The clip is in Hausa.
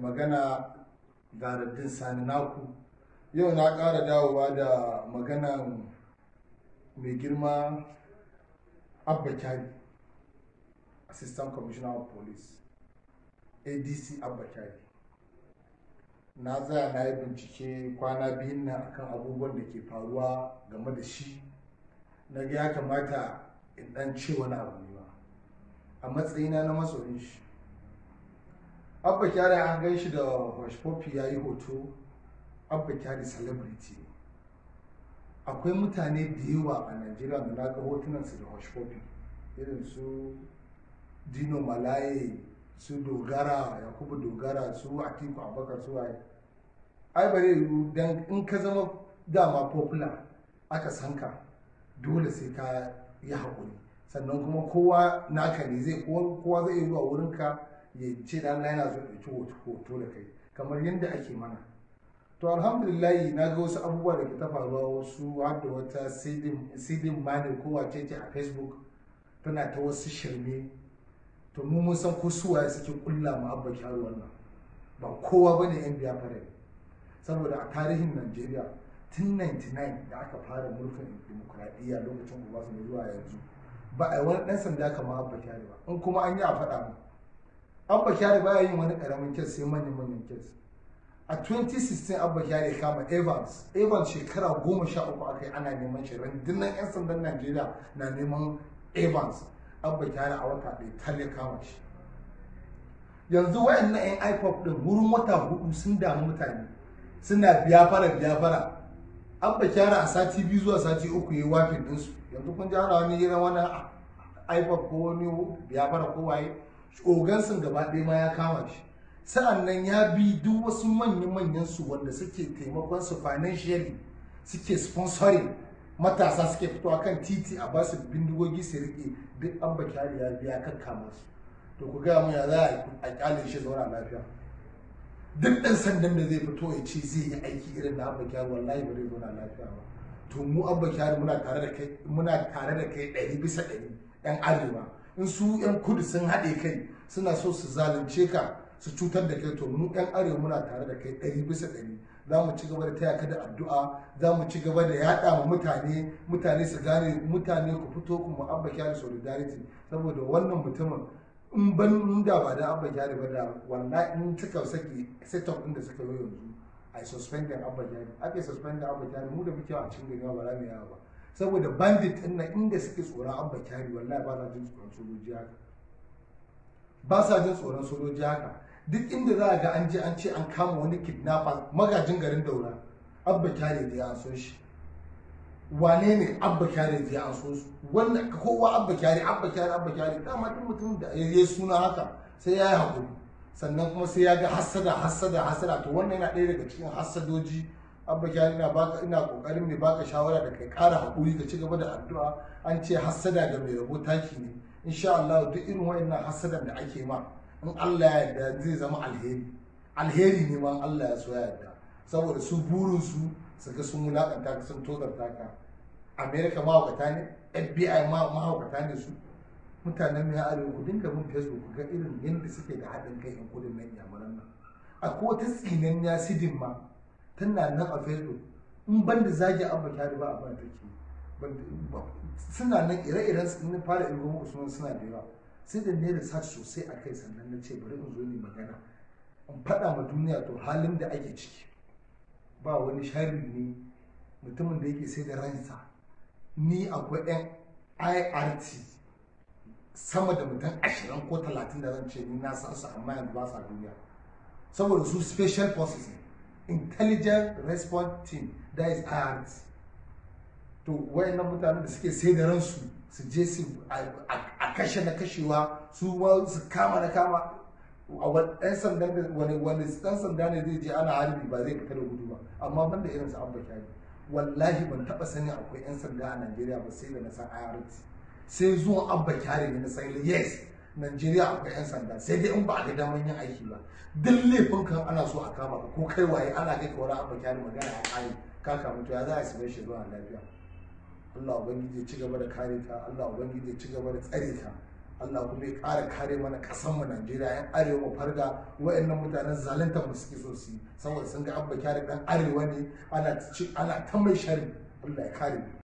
magana garaddin sani naku yau na ƙara dawowa da maganan mai girma abba kyari assistant commissioner of police adc abba kyari na tsaya na yi bincike kwana biyun nan akan abubuwan da ke faruwa game da shi na ga ya kamata in dan ce wani abu ne ba a matsayina na masoyin shi abba kyari an gan shi da washpopi ya yi hoto abba kyari celebrity akwai mutane da yawa a nigeria da na ga hotunansu da washpopi irin su dino malaye su dogara yakubu dogara su atiku abubakar su waye ai ba zai yiwu dan in ka zama dama popular aka san ka dole sai ka yi haƙuri sannan kuma kowa naka ne zai kowa zai yi zuwa wurinka ya ce da Allah yana zo ɗauki hoto da kai kamar yadda ake mana to alhamdulillahi na ga wasu abubuwa da ke ta faruwa wasu wadda da wata sidin mani ko wace ce a facebook tana ta wasu shirme to mu mun san ko suwaye suke kulla mu abba kyaru wannan ba kowa bane yan biya fare saboda a tarihin najeriya tun 99 da aka fara mulkin demokuraɗiyya lokacin obasanjo zuwa yanzu ba a yi wani ɗan sanda kamar abba kyari ba in kuma an yi a faɗa mu abba kyari baya yin wani karamin kes sai manyan manyan kes a 2016 abba kyari kama evans evans shekara goma sha uku aka yi ana neman shi rundunar 'yan sandan najeriya na neman evans abba kyari a wata ɗaya ya kama shi yanzu na 'yan ipop ɗin wurin wata hudu sun damu mutane suna biyafara biyafara abba kyara a sati biyu zuwa sati uku ya yi wafin ɗinsu yanzu kun ana wani irin wani ipop ko wani biyafara ko waye ogansan gaba ɗaya ma ya kama shi sa'annan ya bi duk wasu manyan-manyan su wanda suke taimakon su financially suke sponsoring matasa suke fitowa kan titi a basu bindigogi su rike duk an baki hali ya biya kama su to ku gaya mu ya za a kyale shi zaura lafiya duk ɗan sandan da zai fito ya ce zai yi aiki irin na abba kyari wallahi ba zai zauna lafiya ba to mu abba kyari muna tare da kai ɗari bisa ɗari ɗan arewa in su 'yan kudu sun haɗe kai suna so su zalunce ka su cutar da kai to mu 'yan arewa muna tare da kai ɗari bisa ɗari za mu ci gaba da taya ka da addu'a za mu ci gaba da yaɗa ma mutane mutane su gane mutane ku fito ku mu abba kyari solidarity saboda wannan mutumin in ban da ba da abba kyari ba da wannan in suka saki setup ɗin da suka yi yanzu a suspendin abba kyari ake suspendin abba kyari mu da muke a cikin gari ba za mu yawa ba saboda bandit din nan inda suke tsoron abba kyari wallahi ba na jin tsoron sojoji haka ba sa jin tsoron sojoji haka duk inda za a ga an je an ce an kama wani kidnapper magajin garin daura abba kyari da ya so shi wane ne abba kyari da ya so su wannan kowa abba kyari abba kyari abba kyari dama duk mutum da ya suna haka sai ya yi hakuri sannan kuma sai ya ga hassada hassada hassada to wannan yana ɗaya daga cikin hassadoji abba ina baka ina kokarin mai baka shawara da kai kara hakuri ka ci gaba da addu'a an ce hassada ga mai rabo taki ne insha Allah duk irin wayannan hassadan da ake ma in Allah ya yarda zai zama alheri alheri ne ma Allah ya so ya yarda saboda su burin su su ga sun mulakanta ka sun tozarta ka America ma hukata ne FBI ma ma hukata ne su mutanen mai arewa ku dinga bin Facebook ga irin yadda suke da haɗin kai in kudin nan yamuran nan akwai wata ya sidin ma tana nan a facebook in ban da zagi abba da ba a da ke suna nan ire-iren su ne fara irgo muku sunan suna da yawa sai da ne sa sosai a kai sannan na ce bari in zo ne magana in faɗa ma duniya to halin da ake ciki ba wani sharri ne mutumin da yake sai da ransa ni akwai yan irt sama da mutum ashirin ko talatin da zan ce ni na san su amma yanzu ba sa duniya saboda su special forces ne intelligent response team that is art to wayannan mutanen da suke sai da ransu su je su a kashe na kashewa su su kama na kama ɗan sanda wani wani sanda ne zai je ana harbi ba zai fita da gudu ba amma ban da irinsu an bata wallahi ban taɓa sanin akwai 'yan sanda a Najeriya ba sai da na san IRT sai zuwa abba kyare ne na san yes Najeriya akwai 'yan sanda sai dai in ba a ga daman yin aiki ba duk laifin kan ana so a kama ka ko kai waye ana kai ka wani abin ya magana a kayi ka kamu to ya za a shiga shi zuwa lafiya Allah ubangiji ya ci gaba da kare ka Allah ubangiji ya ci gaba da tsare ta Allah kuma ya ƙara kare mana ƙasar mu Najeriya yan arewa mu farga wayannan mutanen zalunta mu suke so su saboda sun ga abba dan arewa ne ana ana ta mai shari Allah ya kare